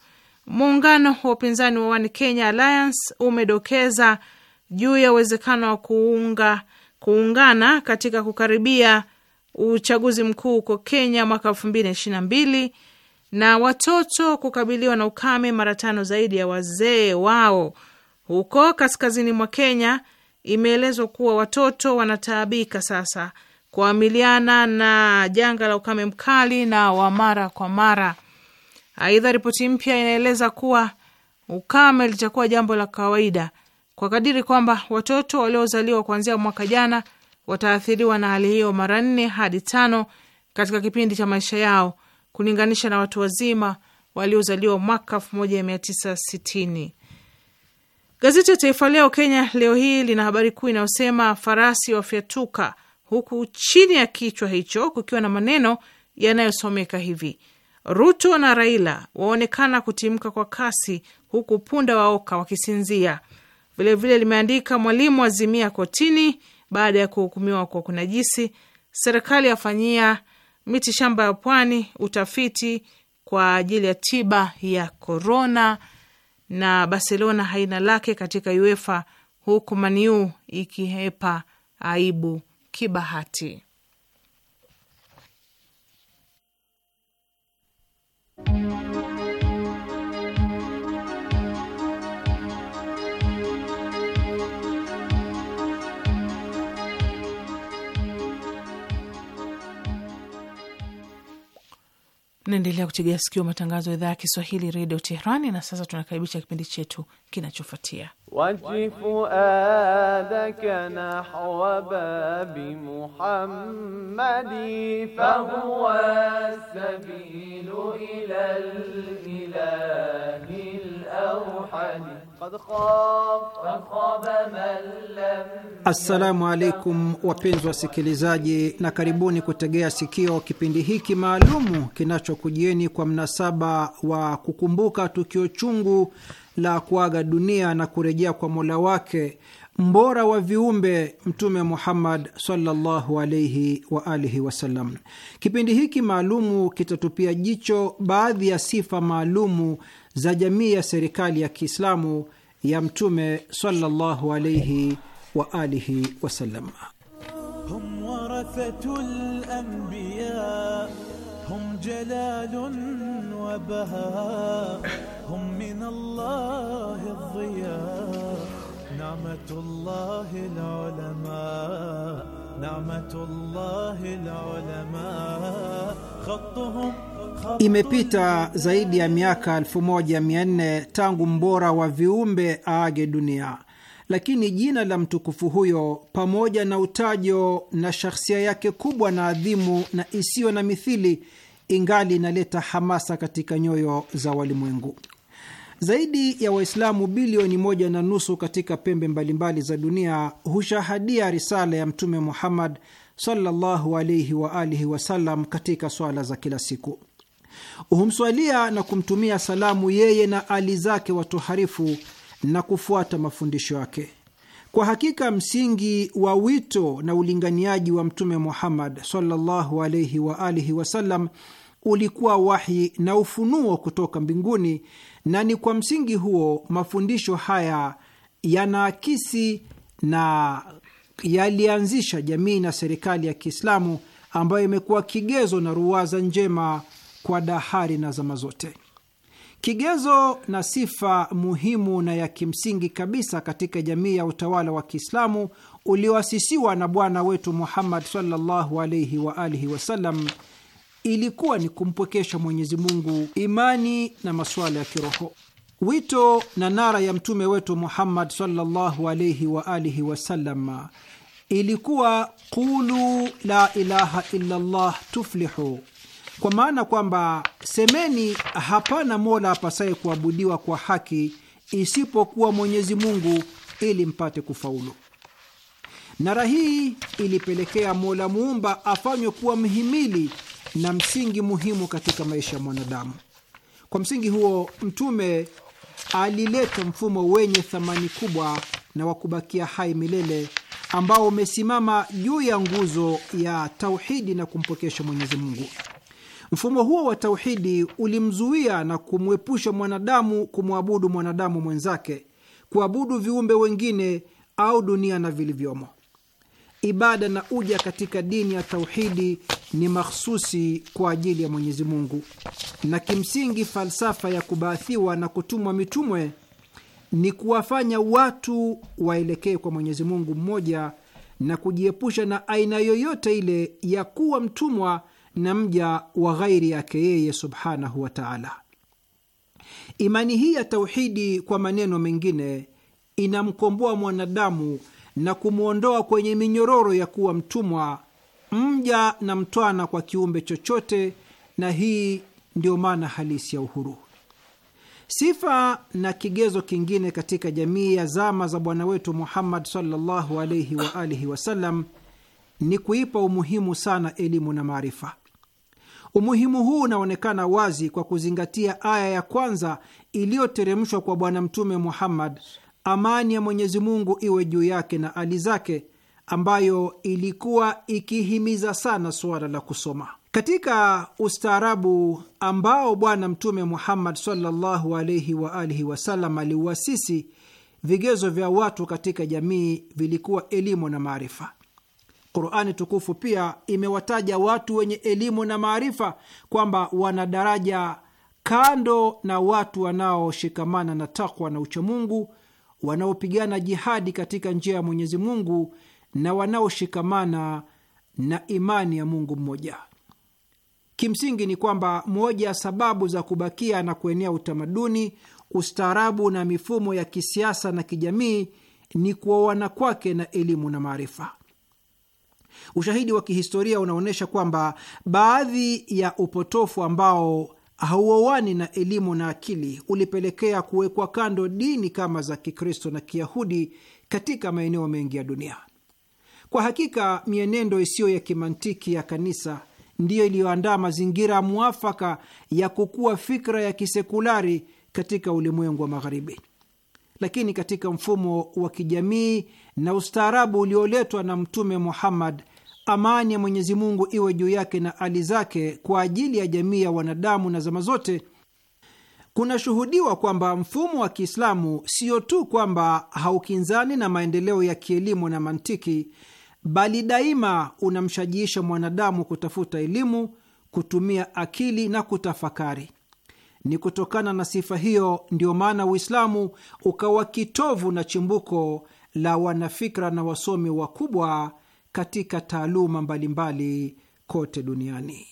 Muungano wa upinzani wa One Kenya Alliance umedokeza juu ya uwezekano wa kuunga, kuungana katika kukaribia uchaguzi mkuu huko Kenya mwaka elfu mbili na ishirini na mbili na watoto kukabiliwa na ukame mara tano zaidi ya wazee wao huko kaskazini mwa Kenya imeelezwa kuwa watoto wanataabika sasa kuamiliana na janga la ukame mkali na wa mara kwa mara. Aidha, ripoti mpya inaeleza kuwa ukame litakuwa jambo la kawaida kwa kadiri kwamba watoto waliozaliwa kuanzia mwaka jana wataathiriwa na hali hiyo mara nne hadi tano katika kipindi cha maisha yao kulinganisha na watu wazima waliozaliwa mwaka sitini Gazeti ya Taifa Leo Kenya leo hii lina habari kuu inayosema farasi wafyatuka, huku chini ya kichwa hicho kukiwa na maneno yanayosomeka hivi: Ruto na Raila waonekana kutimka kwa kasi, huku punda waoka wakisinzia. Vilevile limeandika mwalimu azimia kotini baada ya kuhukumiwa kwa kunajisi, serikali yafanyia miti shamba ya pwani utafiti kwa ajili ya tiba ya korona na Barcelona haina lake katika UEFA, huku Maniu ikihepa aibu kibahati. Naendelea kutegea sikio matangazo ya idhaa ya Kiswahili redio Teherani. Na sasa tunakaribisha kipindi chetu kinachofuatia, nahwa babi Muhammadi fahuwa sabilu ila lilahi lauhadi Assalamu alaikum wapenzi wasikilizaji, na karibuni kutegea sikio kipindi hiki maalumu kinachokujieni kwa mnasaba wa kukumbuka tukio chungu la kuaga dunia na kurejea kwa mola wake mbora wa viumbe Mtume Muhammad sallallahu alaihi wa alihi wasallam. Kipindi hiki maalumu kitatupia jicho baadhi ya sifa maalumu za jamii ya serikali ya Kiislamu ya Mtume sallallahu alaihi wa alihi wasallam. Imepita zaidi ya miaka 1400 tangu mbora wa viumbe aage dunia, lakini jina la mtukufu huyo pamoja na utajo na shahsia yake kubwa na adhimu na isiyo na mithili ingali inaleta hamasa katika nyoyo za walimwengu. Zaidi ya Waislamu bilioni moja na nusu katika pembe mbalimbali za dunia hushahadia risala ya Mtume Muhammad sallallahu alaihi waalihi wasallam katika swala za kila siku humswalia na kumtumia salamu yeye na ali zake watoharifu na kufuata mafundisho yake. Kwa hakika msingi wa wito na ulinganiaji wa Mtume Muhammad sallallahu alaihi wa alihi wasallam ulikuwa wahi na ufunuo kutoka mbinguni, na ni kwa msingi huo mafundisho haya yanaakisi na yalianzisha jamii na serikali ya Kiislamu ambayo imekuwa kigezo na ruwaza njema kwa dahari na zama zote. Kigezo na sifa muhimu na ya kimsingi kabisa katika jamii ya utawala wa Kiislamu ulioasisiwa na bwana wetu Muhammad sallallahu alaihi wa alihi wasallam ilikuwa ni kumpwekesha Mwenyezi Mungu imani na masuala ya kiroho. Wito na nara ya mtume wetu Muhammad sallallahu alaihi wa alihi wasallam ilikuwa qulu la ilaha illallah tuflihu kwa maana kwamba semeni, hapana mola apasaye kuabudiwa kwa haki isipokuwa Mwenyezi Mungu ili mpate kufaulu. Nara hii ilipelekea mola muumba afanywe kuwa mhimili na msingi muhimu katika maisha ya mwanadamu. Kwa msingi huo, Mtume alileta mfumo wenye thamani kubwa na wa kubakia hai milele ambao umesimama juu ya nguzo ya tauhidi na kumpokesha Mwenyezi Mungu. Mfumo huo wa tauhidi ulimzuia na kumwepusha mwanadamu kumwabudu mwanadamu mwenzake, kuabudu viumbe wengine au dunia na vilivyomo. Ibada na uja katika dini ya tauhidi ni mahsusi kwa ajili ya Mwenyezi Mungu, na kimsingi falsafa ya kubaathiwa na kutumwa mitumwe ni kuwafanya watu waelekee kwa Mwenyezi Mungu mmoja na kujiepusha na aina yoyote ile ya kuwa mtumwa na mja wa ghairi yake yeye subhanahu wa taala. Imani hii ya tauhidi, kwa maneno mengine, inamkomboa mwanadamu na kumwondoa kwenye minyororo ya kuwa mtumwa, mja na mtwana kwa kiumbe chochote, na hii ndiyo maana halisi ya uhuru. Sifa na kigezo kingine katika jamii ya zama za bwana wetu Muhammad sallallahu alaihi wa alihi wasallam ni kuipa umuhimu sana elimu na maarifa. Umuhimu huu unaonekana wazi kwa kuzingatia aya ya kwanza iliyoteremshwa kwa Bwana Mtume Muhammad, amani ya Mwenyezi Mungu iwe juu yake na ali zake, ambayo ilikuwa ikihimiza sana suala la kusoma. Katika ustaarabu ambao Bwana Mtume Muhammad sallallahu alaihi wa alihi wasallam aliuasisi, vigezo vya watu katika jamii vilikuwa elimu na maarifa. Qurani tukufu pia imewataja watu wenye elimu na maarifa kwamba wana daraja kando na watu wanaoshikamana na takwa na uchamungu, wanaopigana jihadi katika njia ya Mwenyezi Mungu na wanaoshikamana na imani ya Mungu mmoja. Kimsingi ni kwamba moja ya sababu za kubakia na kuenea utamaduni, ustaarabu na mifumo ya kisiasa na kijamii ni kuoana kwake na elimu na maarifa. Ushahidi wa kihistoria unaonyesha kwamba baadhi ya upotofu ambao hauowani na elimu na akili ulipelekea kuwekwa kando dini kama za Kikristo na Kiyahudi katika maeneo mengi ya dunia. Kwa hakika, mienendo isiyo ya kimantiki ya kanisa ndiyo iliyoandaa mazingira mwafaka ya kukua fikra ya kisekulari katika ulimwengu wa Magharibi. Lakini katika mfumo wa kijamii na ustaarabu ulioletwa na Mtume Muhammad Amani ya Mwenyezi Mungu iwe juu yake na ali zake, kwa ajili ya jamii ya wanadamu na zama zote, kunashuhudiwa kwamba mfumo wa Kiislamu sio tu kwamba haukinzani na maendeleo ya kielimu na mantiki, bali daima unamshajiisha mwanadamu kutafuta elimu, kutumia akili na kutafakari. Ni kutokana na sifa hiyo ndio maana Uislamu ukawa kitovu na chimbuko la wanafikra na wasomi wakubwa katika taaluma mbalimbali kote duniani.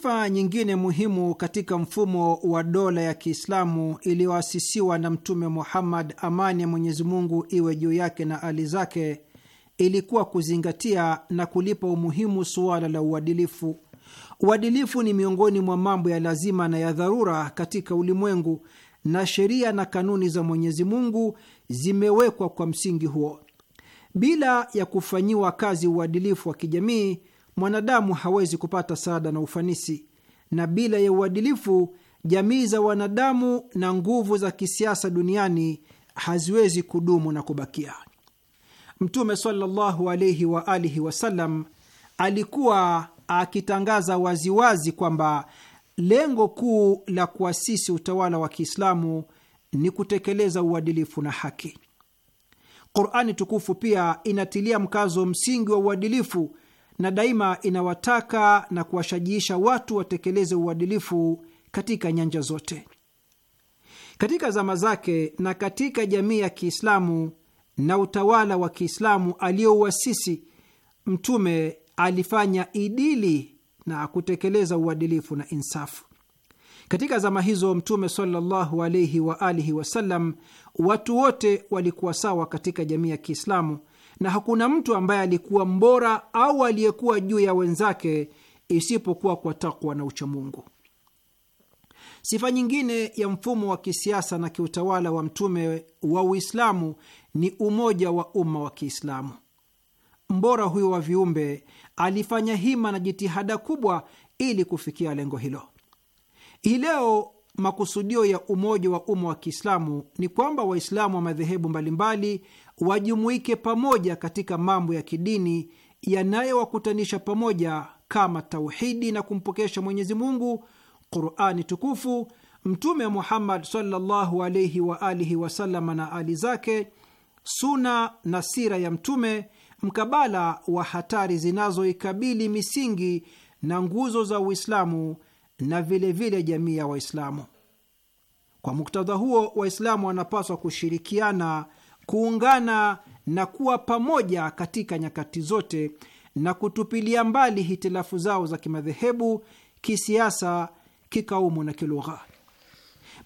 Sifa nyingine muhimu katika mfumo wa dola ya Kiislamu iliyoasisiwa na Mtume Muhammad, amani ya Mwenyezi Mungu iwe juu yake na ali zake, ilikuwa kuzingatia na kulipa umuhimu suala la uadilifu. Uadilifu ni miongoni mwa mambo ya lazima na ya dharura katika ulimwengu, na sheria na kanuni za Mwenyezi Mungu zimewekwa kwa msingi huo. Bila ya kufanyiwa kazi uadilifu wa kijamii mwanadamu hawezi kupata saada na ufanisi, na bila ya uadilifu, jamii za wanadamu na nguvu za kisiasa duniani haziwezi kudumu na kubakia. Mtume sallallahu alaihi wa alihi wasallam alikuwa akitangaza waziwazi kwamba lengo kuu la kuasisi utawala wa Kiislamu ni kutekeleza uadilifu na haki. Qurani tukufu pia inatilia mkazo msingi wa uadilifu na daima inawataka na kuwashajiisha watu watekeleze uadilifu katika nyanja zote. Katika zama zake na katika jamii ya Kiislamu na utawala wa Kiislamu aliyouasisi, Mtume alifanya idili na kutekeleza uadilifu na insafu. Katika zama hizo Mtume sallallahu alaihi wa alihi wasallam, watu wote walikuwa sawa katika jamii ya Kiislamu na hakuna mtu ambaye alikuwa mbora au aliyekuwa juu ya wenzake isipokuwa kwa takwa na uchamungu. Sifa nyingine ya mfumo wa kisiasa na kiutawala wa mtume wa Uislamu ni umoja wa umma wa Kiislamu. Mbora huyo wa viumbe alifanya hima na jitihada kubwa ili kufikia lengo hilo. Hii leo makusudio ya umoja wa umma wa Kiislamu ni kwamba Waislamu wa madhehebu mbalimbali wajumuike pamoja katika mambo ya kidini yanayowakutanisha pamoja kama tauhidi na kumpokesha Mwenyezi Mungu, Qurani tukufu, Mtume Muhammad sallallahu alaihi wa alihi wasallam na ali zake, suna na sira ya Mtume, mkabala wa hatari zinazoikabili misingi na nguzo za Uislamu na vilevile jamii ya Waislamu. Kwa muktadha huo, Waislamu wanapaswa kushirikiana kuungana na kuwa pamoja katika nyakati zote na kutupilia mbali hitilafu zao za kimadhehebu, kisiasa, kikaumu na kilugha.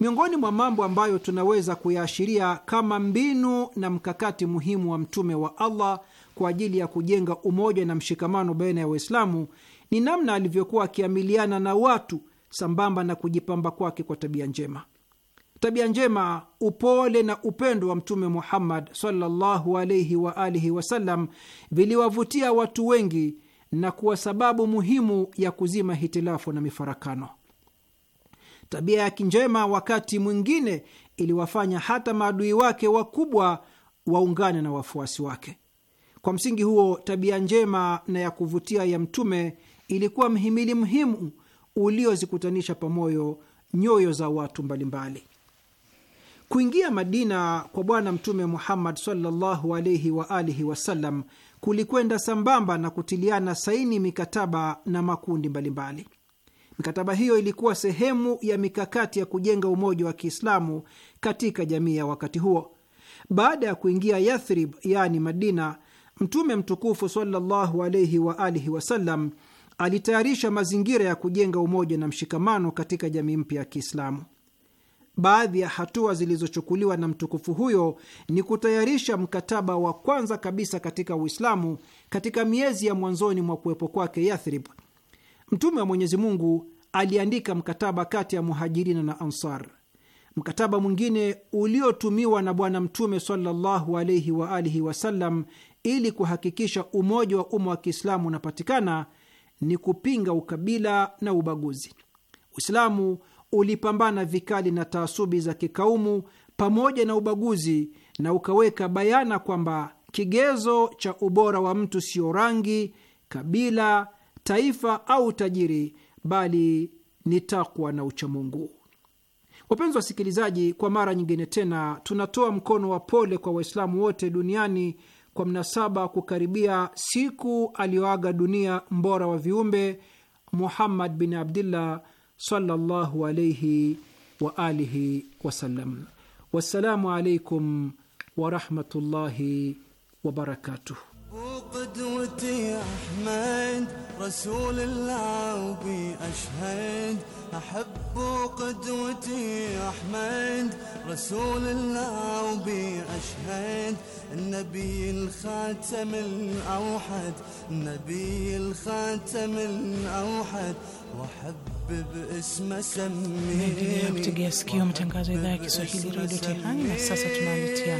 Miongoni mwa mambo ambayo tunaweza kuyaashiria kama mbinu na mkakati muhimu wa Mtume wa Allah kwa ajili ya kujenga umoja na mshikamano baina ya Waislamu ni namna alivyokuwa akiamiliana na watu sambamba na kujipamba kwake kwa tabia njema. Tabia njema, upole na upendo wa Mtume Muhammad sallallahu alaihi wa alihi wasallam viliwavutia watu wengi na kuwa sababu muhimu ya kuzima hitilafu na mifarakano. Tabia ya kinjema wakati mwingine iliwafanya hata maadui wake wakubwa waungane na wafuasi wake. Kwa msingi huo, tabia njema na ya kuvutia ya Mtume ilikuwa mhimili muhimu uliozikutanisha pamoja nyoyo za watu mbalimbali. Kuingia Madina kwa Bwana Mtume Muhammad sallallahu alaihi wa alihi wasallam kulikwenda sambamba na kutiliana saini mikataba na makundi mbalimbali. Mikataba hiyo ilikuwa sehemu ya mikakati ya kujenga umoja wa Kiislamu katika jamii ya wakati huo. Baada ya kuingia Yathrib, yaani Madina, Mtume mtukufu sallallahu alaihi wa alihi wasallam alitayarisha mazingira ya kujenga umoja na mshikamano katika jamii mpya ya Kiislamu. Baadhi ya hatua zilizochukuliwa na mtukufu huyo ni kutayarisha mkataba wa kwanza kabisa katika Uislamu katika miezi ya mwanzoni mwa kuwepo kwake Yathrib. Mtume wa Mwenyezi Mungu aliandika mkataba kati ya Muhajirina na Ansar. Mkataba mwingine uliotumiwa na Bwana Mtume sallallahu alaihi wa alihi wasallam ili kuhakikisha umoja wa umma wa Kiislamu unapatikana ni kupinga ukabila na ubaguzi. Uislamu ulipambana vikali na taasubi za kikaumu pamoja na ubaguzi na ukaweka bayana kwamba kigezo cha ubora wa mtu sio rangi, kabila, taifa au tajiri, bali ni takwa na uchamungu. Wapenzi wasikilizaji, kwa mara nyingine tena tunatoa mkono wa pole kwa Waislamu wote duniani kwa mnasaba kukaribia siku aliyoaga dunia mbora wa viumbe Muhammad bin Abdillah sallallahu alaihi wa alihi wasallam. Wassalamu alaikum warahmatullahi wabarakatuh. ابو قدوتي احمد رسول الله وبي اشهد احب قدوتي احمد رسول الله وبي اشهد النبي الخاتم الاوحد النبي الخاتم الاوحد واحب باسمه سميني kutegea sikio matangazo ya idhaa ya Kiswahili redio Tehani na sasa tunaletea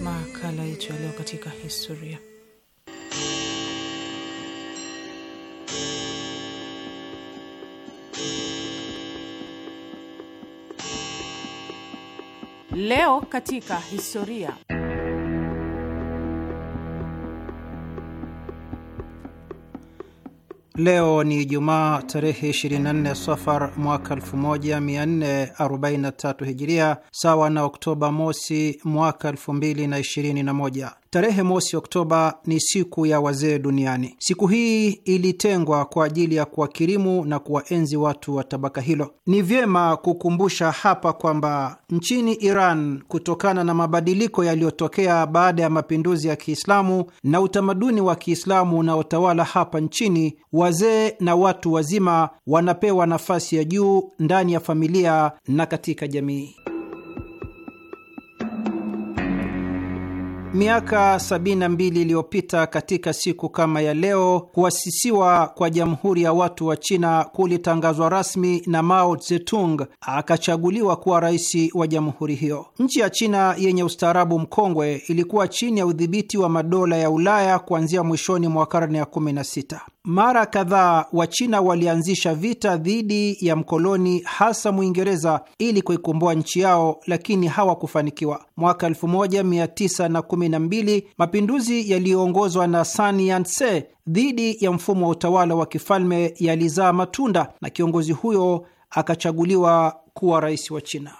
makala yetu Leo katika historia. Leo ni Jumaa tarehe 24 Safar mwaka 1443 Hijiria, sawa na Oktoba mosi mwaka 2021. Tarehe mosi Oktoba ni siku ya wazee duniani. Siku hii ilitengwa kwa ajili ya kuwakirimu na kuwaenzi watu wa tabaka hilo. Ni vyema kukumbusha hapa kwamba nchini Iran, kutokana na mabadiliko yaliyotokea baada ya mapinduzi ya Kiislamu na utamaduni wa Kiislamu unaotawala hapa nchini, wazee na watu wazima wanapewa nafasi ya juu ndani ya familia na katika jamii. Miaka 72 iliyopita katika siku kama ya leo, kuasisiwa kwa Jamhuri ya Watu wa China kulitangazwa rasmi na Mao Zedong akachaguliwa kuwa rais wa jamhuri hiyo. Nchi ya China yenye ustaarabu mkongwe ilikuwa chini ya udhibiti wa madola ya Ulaya kuanzia mwishoni mwa karne ya 16. Mara kadhaa Wachina walianzisha vita dhidi ya mkoloni hasa Mwingereza ili kuikomboa nchi yao, lakini hawakufanikiwa. Mwaka 1912 mapinduzi yaliyoongozwa na Sun Yat-sen dhidi ya mfumo wa utawala wa kifalme yalizaa matunda na kiongozi huyo akachaguliwa kuwa rais wa China.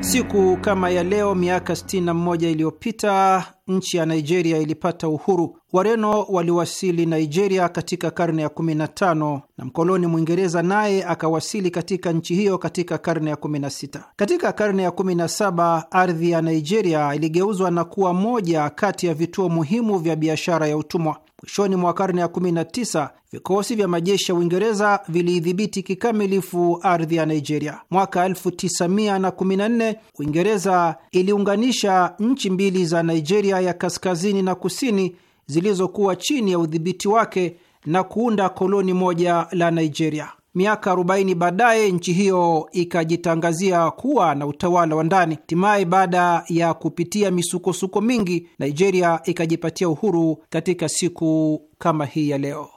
Siku kama ya leo miaka 61 iliyopita nchi ya Nigeria ilipata uhuru. Wareno waliwasili Nigeria katika karne ya 15 na mkoloni Mwingereza naye akawasili katika nchi hiyo katika karne ya 16. Katika karne ya 17 ardhi ya Nigeria iligeuzwa na kuwa moja kati ya vituo muhimu vya biashara ya utumwa. Mwishoni mwa karne ya 19 vikosi vya majeshi ya Uingereza viliidhibiti kikamilifu ardhi ya Nigeria. Mwaka 1914 Uingereza iliunganisha nchi mbili za Nigeria ya kaskazini na kusini zilizokuwa chini ya udhibiti wake na kuunda koloni moja la Nigeria. Miaka 40 baadaye nchi hiyo ikajitangazia kuwa na utawala wa ndani. Hatimaye, baada ya kupitia misukosuko mingi, Nigeria ikajipatia uhuru katika siku kama hii ya leo.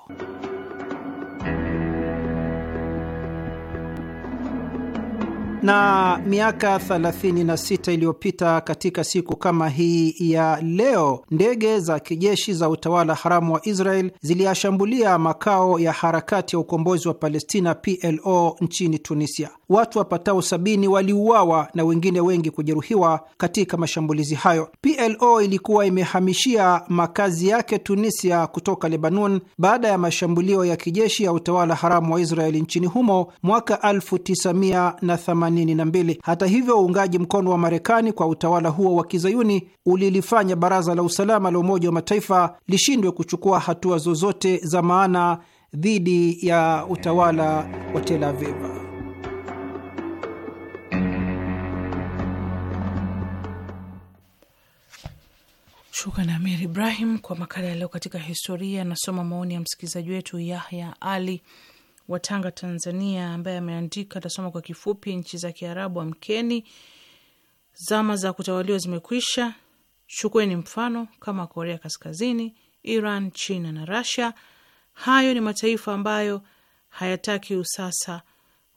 Na miaka 36 iliyopita katika siku kama hii ya leo, ndege za kijeshi za utawala haramu wa Israel ziliyashambulia makao ya harakati ya ukombozi wa Palestina PLO nchini Tunisia watu wapatao sabini waliuawa na wengine wengi kujeruhiwa katika mashambulizi hayo. PLO ilikuwa imehamishia makazi yake Tunisia kutoka Lebanon baada ya mashambulio ya kijeshi ya utawala haramu wa Israeli nchini humo mwaka 1982. Hata hivyo, uungaji mkono wa Marekani kwa utawala huo wa kizayuni ulilifanya Baraza la Usalama la Umoja wa Mataifa lishindwe kuchukua hatua zozote za maana dhidi ya utawala wa Tel Aviv. Shukran Amir Ibrahim kwa makala ya leo katika historia. Anasoma maoni ya msikilizaji wetu Yahya Ali wa Tanga, Tanzania, ambaye ameandika, atasoma kwa kifupi. Nchi za Kiarabu, amkeni, zama za kutawaliwa zimekwisha. Chukueni mfano kama Korea Kaskazini, Iran, China na Rasia. Hayo ni mataifa ambayo hayataki usasa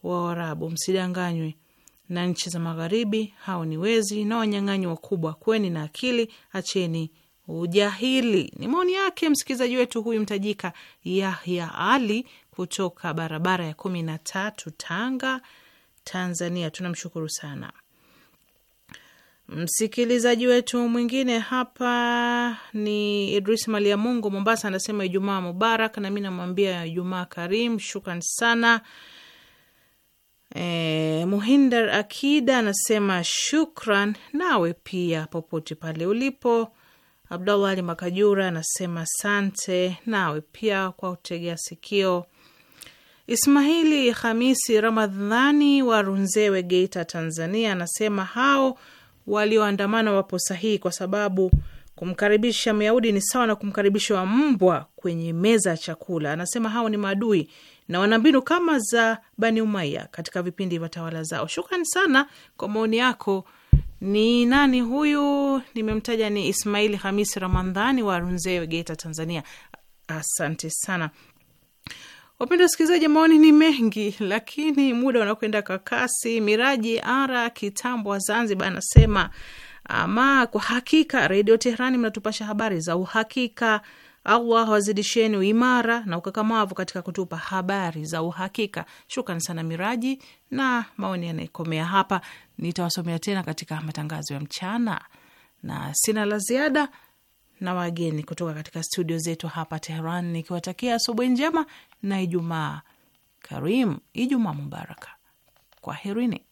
wa Waarabu, msidanganywe na nchi za magharibi. Hao ni wezi na wanyang'anyi wakubwa, kweni na akili, acheni ujahili. Ni maoni yake msikilizaji wetu huyu mtajika Yahya Ali kutoka barabara ya kumi na tatu Tanga, Tanzania. Tunamshukuru sana msikilizaji wetu. Mwingine hapa ni Idris Malia Mungu, Mombasa, anasema Ijumaa mubarak, nami namwambia Ijumaa karimu. Shukran sana Eh, Muhinder Akida anasema shukran nawe pia popote pale ulipo. Abdallah Ali Makajura anasema sante nawe pia kwa kutegea sikio. Ismaili Hamisi Ramadhani wa Runzewe, Geita, Tanzania anasema hao walioandamana wapo sahihi kwa sababu kumkaribisha Myahudi ni sawa na kumkaribisha mbwa kwenye meza ya chakula. Anasema hao ni maadui na wana mbinu kama za Bani Umaya katika vipindi vya tawala zao. Shukrani sana kwa maoni yako. Ni nani huyu? Nimemtaja ni Ismaili hamis Ramadhani wa Runzewe, Geita, Tanzania. Asante sana. Wapenda wasikilizaji, maoni ni mengi, lakini muda unakwenda kwa kasi. Miraji Ara Kitambo wa Zanzibar anasema ama kwa hakika Redio Teherani mnatupasha habari za uhakika Allah wazidisheni uimara na ukakamavu katika kutupa habari za uhakika. Shukrani sana Miraji, na maoni yanayekomea hapa. Nitawasomea tena katika matangazo ya mchana, na sina la ziada na wageni kutoka katika studio zetu hapa teheran nikiwatakia asubuhi njema na Ijumaa karimu, Ijumaa mubaraka. Kwaherini.